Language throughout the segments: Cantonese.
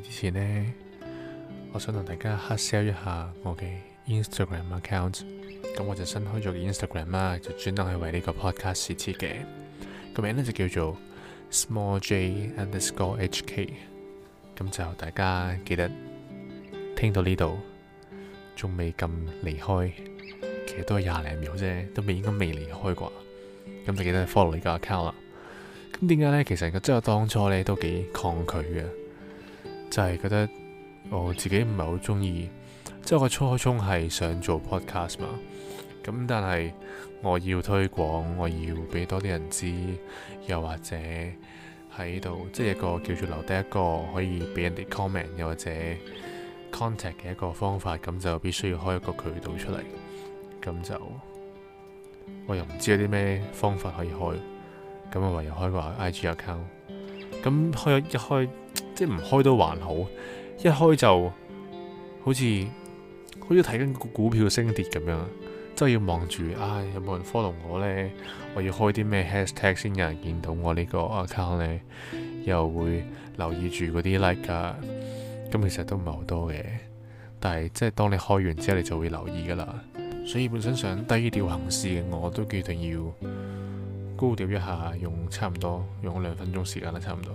之前呢，我想同大家黑 sell 一下我嘅 Instagram account。咁我就新開咗 Instagram 啦，就專登係為個呢個 podcast 試次嘅個名咧，就叫做 small j underscore h k。咁就大家記得聽到呢度仲未咁離開，其實都係廿零秒啫，都未應該未離開啩。咁就記得 follow 呢個 account 啦。咁點解咧？其實個真係當初咧都幾抗拒嘅。就係覺得我自己唔係好中意，即係我嘅初衷係想做 podcast 嘛。咁但係我要推廣，我要俾多啲人知，又或者喺度，即係一個叫做留低一個可以俾人哋 comment 又或者 contact 嘅一個方法，咁就必須要開一個渠道出嚟。咁就我又唔知有啲咩方法可以開，咁我唯有開個 IG account。咁開一開。即唔開都還好，一開就好似好似睇緊股股票升跌咁樣，真係要望住。唉、哎，有冇人 follow 我呢？我要開啲咩 hashtag 先，有人見到我呢個 account 呢？又會留意住嗰啲 like、啊。咁、嗯、其實都唔係好多嘅，但係即係當你開完之後，你就會留意噶啦。所以本身想低調行事嘅，我都決定要高調一下，用差唔多用兩分鐘時間啦，差唔多。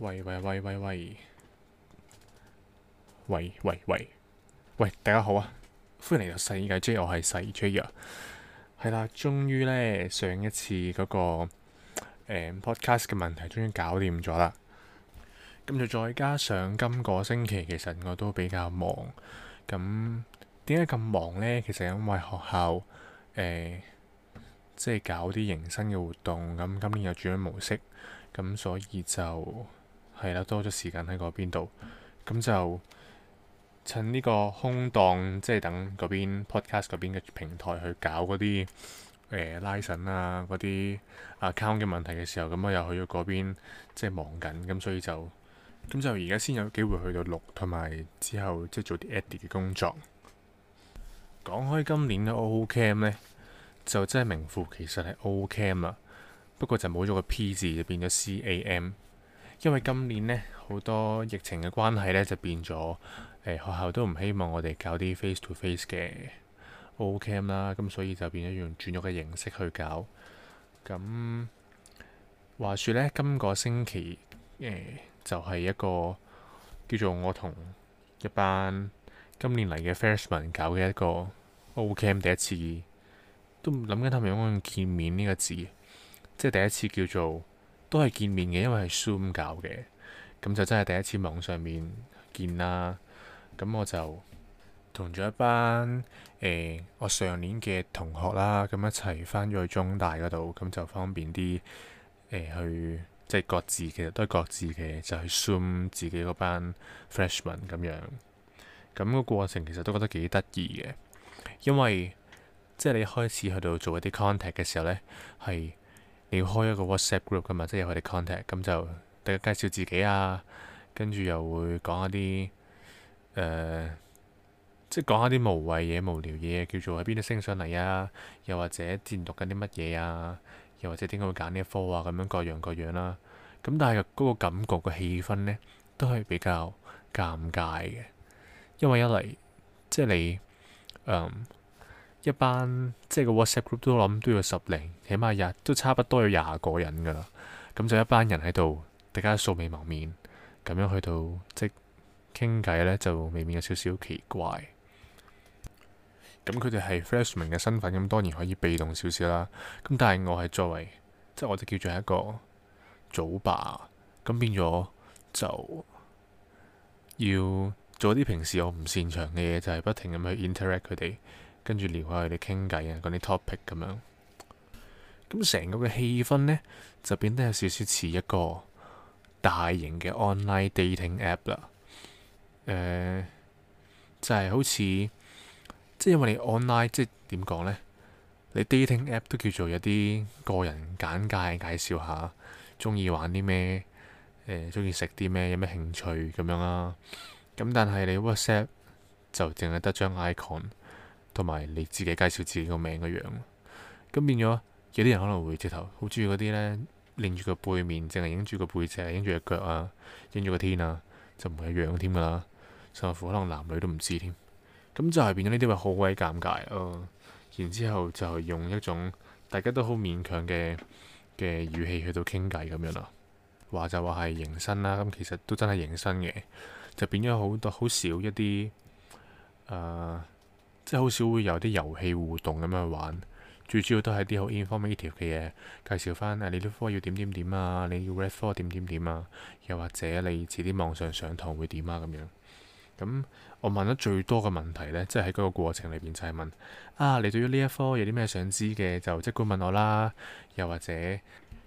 喂喂喂喂喂喂喂喂喂！大家好啊，歡迎嚟到世界 J，我係細 J 啊。係啦，終於呢，上一次嗰、那個、嗯、podcast 嘅問題終於搞掂咗啦。咁就再加上今個星期，其實我都比較忙。咁點解咁忙呢？其實因為學校誒、呃、即係搞啲迎新嘅活動，咁今年又轉咗模式，咁所以就～係啦，多咗時間喺嗰邊度，咁就趁呢個空檔，即係等嗰邊 podcast 嗰邊嘅平台去搞嗰啲誒 license 啊、嗰啲 account 嘅問題嘅時候，咁我又去咗嗰邊，即係忙緊，咁所以就咁就而家先有機會去到錄，同埋之後即係做啲 edit 嘅工作。講開今年嘅 O Cam 呢，就真係名副其實係 O Cam 啦，不過就冇咗個 P 字，就變咗 C A M。因為今年呢，好多疫情嘅關係呢，就變咗誒、呃、學校都唔希望我哋搞啲 face to face 嘅 OCam 啦，咁、嗯、所以就變咗用轉錄嘅形式去搞。咁、嗯、話説呢，今個星期、呃、就係、是、一個叫做我同一班今年嚟嘅 Freshman、er、搞嘅一個 OCam 第一次，都諗緊睇唔睇到見面呢個字，即係第一次叫做，都係見面嘅，因為係 Zoom 搞嘅，咁就真係第一次網上面見啦。咁我就同咗一班誒、呃、我上年嘅同學啦，咁一齊翻咗去中大嗰度，咁就方便啲。誒、呃，去即係各自，其實都係各自嘅，就去 Zoom 自己嗰班 Freshman 咁樣。咁、個過程其實都覺得幾得意嘅，因為即係你開始去到做一啲 contact 嘅時候呢，係。你要開一個 WhatsApp group 噶嘛，即係有佢哋 contact，咁就大家介紹自己啊，跟住又會講一啲誒、呃，即係講下啲無謂嘢、無聊嘢，叫做喺邊度升上嚟啊，又或者之前讀緊啲乜嘢啊，又或者點解會揀呢一科啊，咁樣各樣各樣啦、啊。咁但係嗰個感覺個氣氛呢，都係比較尷尬嘅，因為一嚟即係你誒、嗯、一班。即係個 WhatsApp group 都諗都要十零，起碼日都差不多有廿個人㗎啦。咁就一班人喺度，大家素未謀面，咁樣去到即係傾偈呢，就未免有少少奇怪。咁佢哋係 freshman 嘅身份，咁當然可以被動少少啦。咁但係我係作為，即係我哋叫做一個組爸。咁變咗就要做啲平時我唔擅長嘅嘢，就係不停咁去 interact 佢哋。跟住聊下佢哋傾偈啊，嗰啲 topic 咁樣。咁成個嘅氣氛呢，就變得有少少似一個大型嘅 online dating app 啦。誒、呃，就係、是、好似，即係因為你 online，即係點講呢？你 dating app 都叫做有啲個人簡介介紹下，中意玩啲咩？誒、呃，中意食啲咩？有咩興趣咁樣啦。咁但係你 WhatsApp 就淨係得張 icon。同埋你自己介紹自己個名嘅樣咯，咁變咗有啲人可能會直頭好中意嗰啲呢。擰住個背面，淨係影住個背脊，影住個腳啊，影住個天啊，就唔係一樣添㗎啦。甚至乎可能男女都唔知添，咁就係變咗呢啲話好鬼尷尬咯、啊。然之後就用一種大家都好勉強嘅嘅語氣去到傾偈咁樣啦，話就話係迎新啦，咁其實都真係迎新嘅，就變咗好多好少一啲誒。啊。即係好少會有啲遊戲互動咁樣玩，最主要都係啲好 informative 嘅嘢介紹翻。誒，你呢科要點點點啊，你要 read for 點點點啊，又或者你遲啲網上上堂會點啊咁樣。咁我問得最多嘅問題呢，即係喺嗰個過程裏邊就係問：啊，你對於呢一科有啲咩想知嘅，就即管問我啦。又或者呢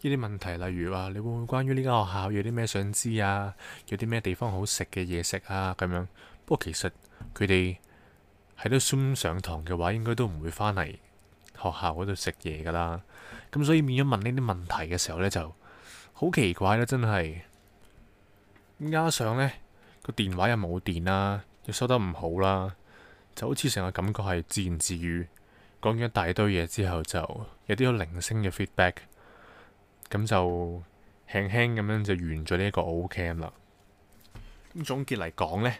啲問題，例如話你會唔會關於呢間學校有啲咩想知啊？有啲咩地方好食嘅嘢食啊？咁樣。不過其實佢哋。喺度 Zoom 上堂嘅話，應該都唔會翻嚟學校嗰度食嘢噶啦。咁所以免咗問呢啲問題嘅時候呢，就好奇怪啦，真係。加上呢個電話又冇電啦，又收得唔好啦，就好似成個感覺係自言自語講咗一大堆嘢之後，就有啲有零星嘅 feedback。咁就輕輕咁樣就完咗呢一個 Ocam 啦。咁總結嚟講呢。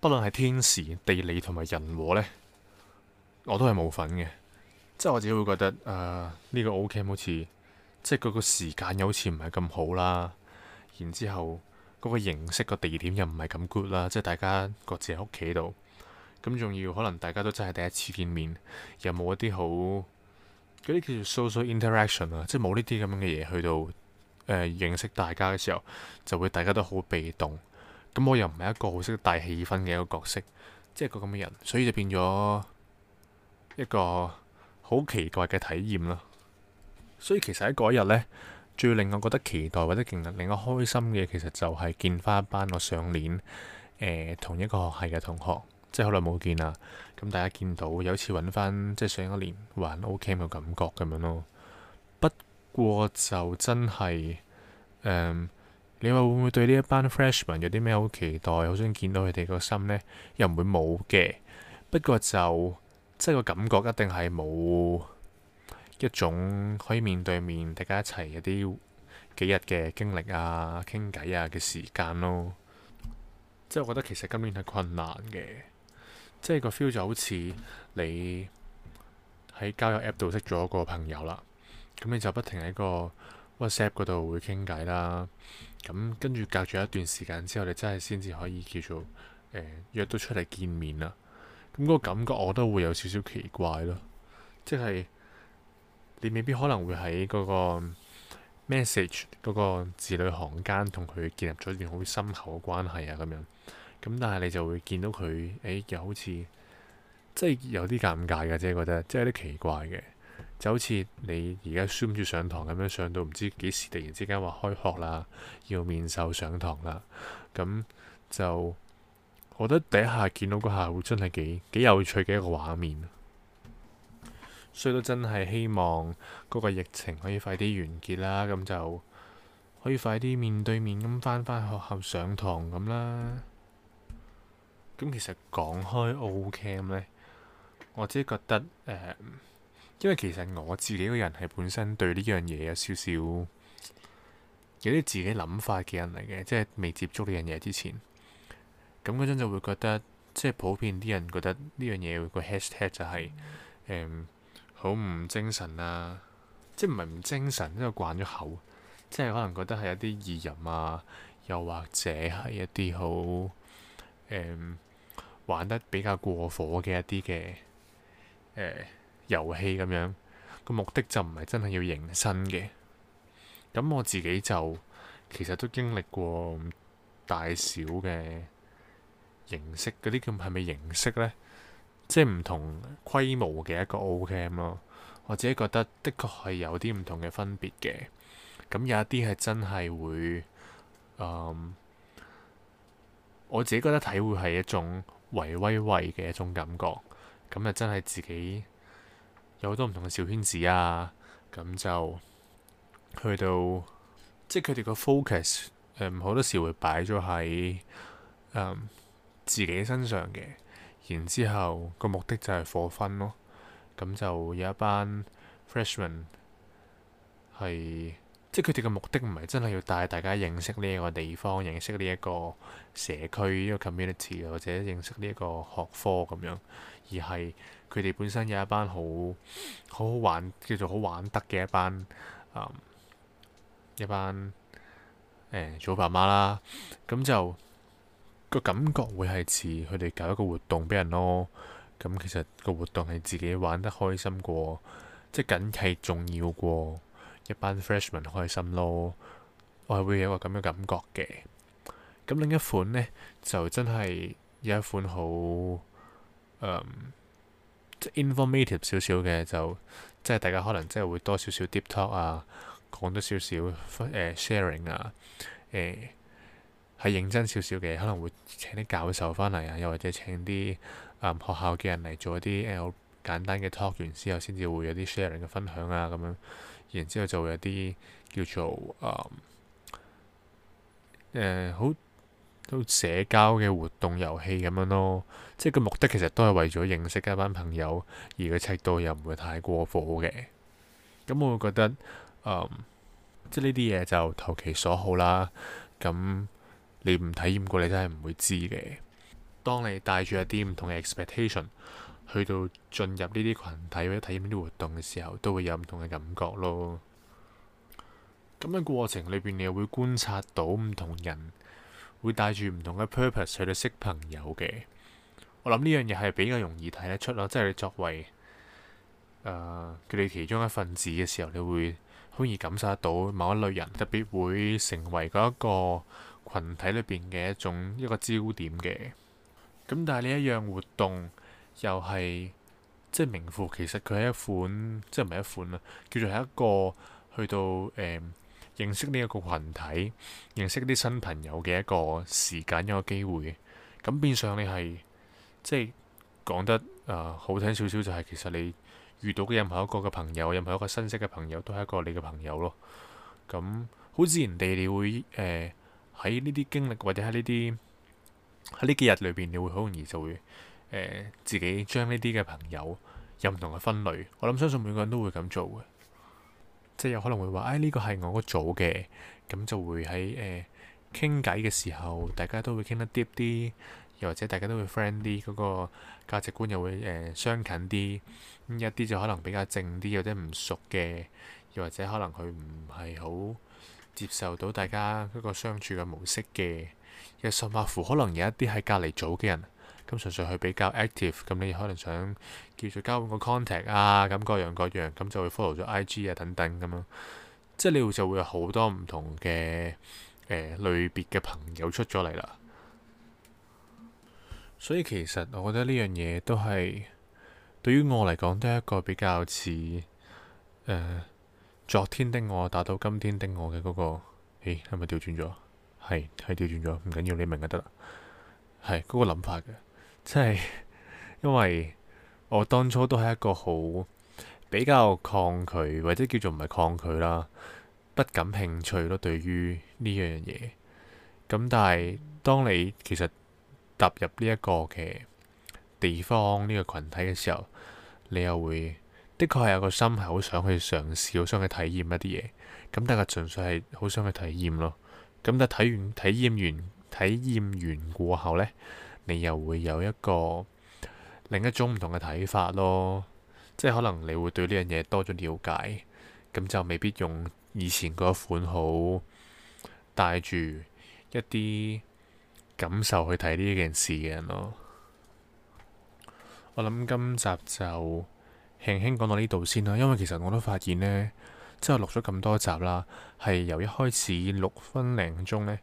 不論係天時、地理同埋人和呢，我都係冇份嘅。即係我自己會覺得，誒、呃、呢、呢個 O Camp 好似，即係嗰個時間又好似唔係咁好啦。然之後嗰個形式、個地點又唔係咁 good 啦。即係大家各自喺屋企度，咁仲要可能大家都真係第一次見面，又冇一啲好嗰啲叫做 social interaction 啊，即係冇呢啲咁樣嘅嘢去到誒、呃、認識大家嘅時候，就會大家都好被動。咁我又唔係一個好識帶氣氛嘅一個角色，即係個咁嘅人，所以就變咗一個好奇怪嘅體驗啦。所以其實喺嗰日呢，最令我覺得期待或者令我開心嘅，其實就係見翻一班我上年誒、呃、同一個學系嘅同學，即係好耐冇見啦。咁大家見到有一次搵翻，即係上一年還 OK 嘅感覺咁樣咯。不過就真係誒、呃你話會唔會對呢一班 freshman 有啲咩好期待？好想見到佢哋個心呢，又唔會冇嘅。不過就即係個感覺，一定係冇一種可以面對面，大家一齊有啲幾日嘅經歷啊、傾偈啊嘅時間咯。即係我覺得其實今年係困難嘅，即係個 feel 就好似你喺交友 app 度識咗個朋友啦，咁你就不停喺個 WhatsApp 嗰度會傾偈啦。咁跟住隔住一段時間之後，你真係先至可以叫做誒、呃、約到出嚟見面啦。咁、那、嗰個感覺我都會有少少奇怪咯，即係你未必可能會喺嗰個 message 嗰個字裏行間同佢建立咗一段好深厚嘅關係啊咁樣。咁但係你就會見到佢，誒又好似即係有啲尷尬嘅啫，覺得即係有啲奇怪嘅。就好似你而家 Zoom 住上堂咁樣上到唔知幾時，突然之間話開學啦，要面授上堂啦，咁就我覺得第一下見到嗰下會真係幾幾有趣嘅一個畫面。所以都真係希望嗰個疫情可以快啲完結啦，咁就可以快啲面對面咁返返學校上堂咁啦。咁其實講開 Ocam 呢，我只係覺得誒。呃因為其實我自己個人係本身對呢樣嘢有少少有啲自己諗法嘅人嚟嘅，即係未接觸呢樣嘢之前，咁嗰陣就會覺得，即係普遍啲人覺得呢樣嘢個 hashtag 就係誒好唔精神啊，即係唔係唔精神，因為慣咗口，即係可能覺得係一啲意淫啊，又或者係一啲好誒玩得比較過火嘅一啲嘅誒。嗯遊戲咁樣個目的就唔係真係要迎新嘅。咁我自己就其實都經歷過大小嘅形式，嗰啲叫係咪形式呢？即係唔同規模嘅一個 O Cam 咯。我自己覺得的確係有啲唔同嘅分別嘅。咁有一啲係真係會、嗯，我自己覺得體會係一種為威畏嘅一種感覺。咁啊，真係自己。有好多唔同嘅小圈子啊，咁就去到，即係佢哋個 focus 誒、嗯，好多時會擺咗喺誒自己身上嘅，然之後個目的就係課分咯，咁就有一班 freshman 係。即係佢哋嘅目的唔係真係要帶大家認識呢一個地方、認識呢一個社區、呢個 community，或者認識呢一個學科咁樣，而係佢哋本身有一班好好好玩，叫做好玩得嘅一班、嗯，一班誒祖爸媽啦，咁就個感覺會係似佢哋搞一個活動俾人咯。咁其實個活動係自己玩得開心過，即係梗係重要過。一班 freshman 開心咯，我係會有個咁嘅感覺嘅。咁另一款呢，就真係有一款好、嗯、informative 少少嘅，就即係大家可能即係會多少少 deep talk 啊，講多少少、呃、sharing 啊，誒、呃、係認真少少嘅，可能會請啲教授翻嚟啊，又或者請啲誒、呃、學校嘅人嚟做一啲誒好簡單嘅 talk 完之後，先至會有啲 sharing 嘅分享啊，咁樣。然之後就會有啲叫做誒，誒、um, uh, 好到社交嘅活動遊戲咁樣咯，即係個目的其實都係為咗認識一班朋友，而個尺度又唔會太過火嘅。咁、嗯、我會覺得、um, 即係呢啲嘢就投其所好啦。咁你唔體驗過，你真係唔會知嘅。當你帶住一啲唔同嘅 expectation。去到進入呢啲群體或者體驗呢啲活動嘅時候，都會有唔同嘅感覺咯。咁樣過程裏邊，你會觀察到唔同人會帶住唔同嘅 purpose 去到識朋友嘅。我諗呢樣嘢係比較容易睇得出咯，即係你作為誒佢哋其中一份子嘅時候，你會好易感受得到某一類人特別會成為嗰一個群體裏邊嘅一種一個焦點嘅。咁但係呢一樣活動，又係即係名副其實，佢係一款即係唔係一款啊！叫做係一個去到誒、呃、認識呢一個群體，認識啲新朋友嘅一個時間一個機會。咁變相你係即係講得誒、呃、好聽少少、就係，就係其實你遇到嘅任何一個嘅朋友，任何一個新識嘅朋友，都係一個你嘅朋友咯。咁好自然地，你會誒喺呢啲經歷，或者喺呢啲喺呢幾日裏邊，你會好容易就會。誒、呃、自己將呢啲嘅朋友有唔同嘅分類，我諗相信每個人都會咁做嘅，即係有可能會話，誒、哎、呢、這個係我個組嘅，咁就會喺誒傾偈嘅時候，大家都會傾得 deep 啲，又或者大家都會 friend 啲，嗰個價值觀又會誒、呃、相近啲，一啲就可能比較正啲，或者唔熟嘅，又或者可能佢唔係好接受到大家嗰個相處嘅模式嘅，又甚或乎可能有一啲喺隔離組嘅人。咁純粹佢比較 active，咁你可能想繼續交換個 contact 啊，咁各樣各樣，咁就會 follow 咗 IG 啊等等咁樣，即係你會就會有好多唔同嘅誒、呃、類別嘅朋友出咗嚟啦。所以其實我覺得呢樣嘢都係對於我嚟講都係一個比較似誒、呃、昨天的我打到今天的我嘅嗰、那個，咦、欸、係咪調轉咗？係係調轉咗，唔緊要，你明就得啦。係嗰、那個諗法嘅。即係因為我當初都係一個好比較抗拒，或者叫做唔係抗拒啦，不感興趣咯。對於呢樣嘢，咁但係當你其實踏入呢一個嘅地方，呢個群體嘅時候，你又會的確係有個心係好想去嘗試，好想去體驗一啲嘢。咁但係純粹係好想去體驗咯。咁但係體驗體驗完體驗完過後呢。你又會有一個另一種唔同嘅睇法咯，即係可能你會對呢樣嘢多咗了解，咁就未必用以前嗰一款好帶住一啲感受去睇呢件事嘅人咯。我諗今集就輕輕講到呢度先啦，因為其實我都發現呢，即係錄咗咁多集啦，係由一開始六分零鐘呢，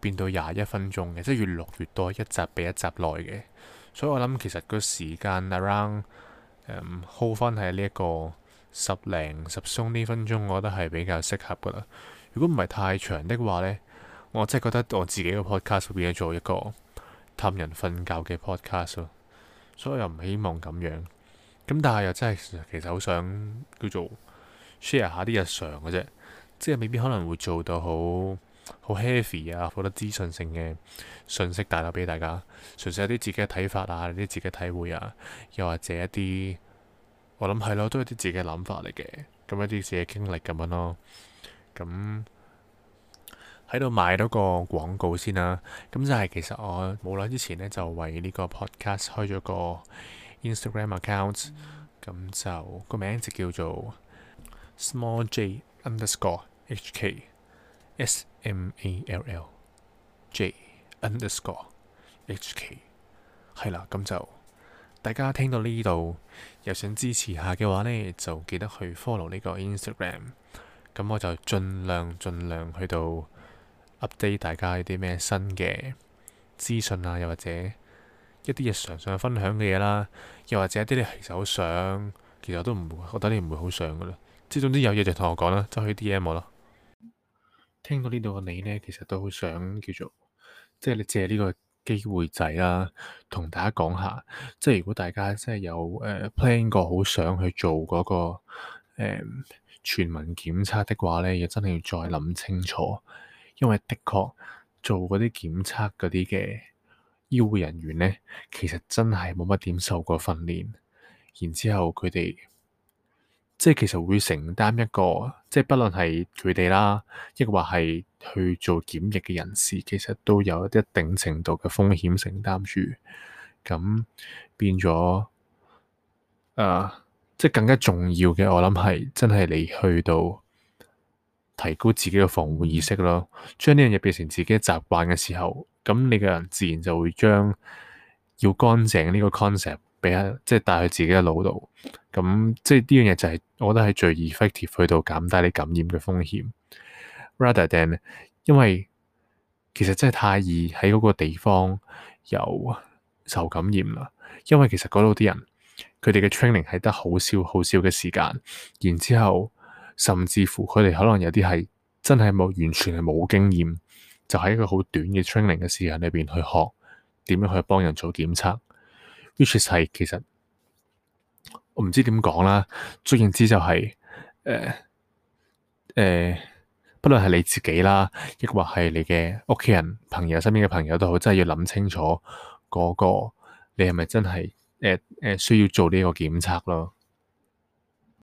變到廿一分鐘嘅，即係越落越多，一集比一集耐嘅。所以我諗其實個時間 around，呃、hold 翻喺呢一個十零十鐘呢分鐘，我覺得係比較適合噶啦。如果唔係太長的話呢，我真係覺得我自己個 podcast 會變咗一個氹人瞓覺嘅 podcast 咯。所以我又唔希望咁樣咁，但係又真係其實好想叫做 share 下啲日常嘅啫，即係未必可能會做到好。好 heavy 啊！好多資訊性嘅信息帶到俾大家，純粹有啲自己嘅睇法啊，有啲自己體會啊，又或者一啲我諗係咯，都有啲自己嘅諗法嚟嘅，咁一啲自己經歷咁樣咯。咁喺度買多個廣告先啦，啊。咁就係其實我冇耐之前呢，就為呢個 podcast 開咗個 Instagram account、嗯。咁就個名就叫做 Small J Underscore H K。S, s M A L L J u n d e s k o H K 係啦，咁就大家聽到呢度又想支持下嘅話呢，就記得去 follow 呢個 Instagram。咁我就盡量盡量去到 update 大家啲咩新嘅資訊啊，又或者一啲日常上分享嘅嘢啦，又或者一啲你其實好想，其實都唔覺得你唔會好想嘅咧。即係總之有嘢就同我講啦，就去 D M 我咯。聽到呢度嘅你呢，其實都好想叫做，即係你借呢個機會仔啦，同大家講下，即係如果大家真係有誒 plan 過，好想去做嗰、個、呃、全民檢測的話呢，又真係要再諗清楚，因為的確做嗰啲檢測嗰啲嘅醫護人員呢，其實真係冇乜點受過訓練，然之後佢哋。即係其實會承擔一個，即係不論係佢哋啦，抑或係去做檢疫嘅人士，其實都有一定程度嘅風險承擔住。咁變咗，誒、呃，即係更加重要嘅，我諗係真係你去到提高自己嘅防護意識咯，將呢樣嘢變成自己嘅習慣嘅時候，咁你個人自然就會將要乾淨呢個 concept。俾啊，即係帶去自己嘅腦度，咁即係呢樣嘢就係，我覺得係最 effective 去到減低你感染嘅風險。Rather than，因為其實真係太易喺嗰個地方有受感染啦。因為其實嗰度啲人佢哋嘅 training 係得好少好少嘅時間，然之後甚至乎佢哋可能有啲係真係冇完全係冇經驗，就喺一個好短嘅 training 嘅時間裏邊去學點樣去幫人做檢測。which 係其實我唔知點講啦，總言之就係誒誒，不論係你自己啦，亦或係你嘅屋企人、朋友、身邊嘅朋友都好，真係要諗清楚嗰個你係咪真係誒誒需要做呢個檢測咯。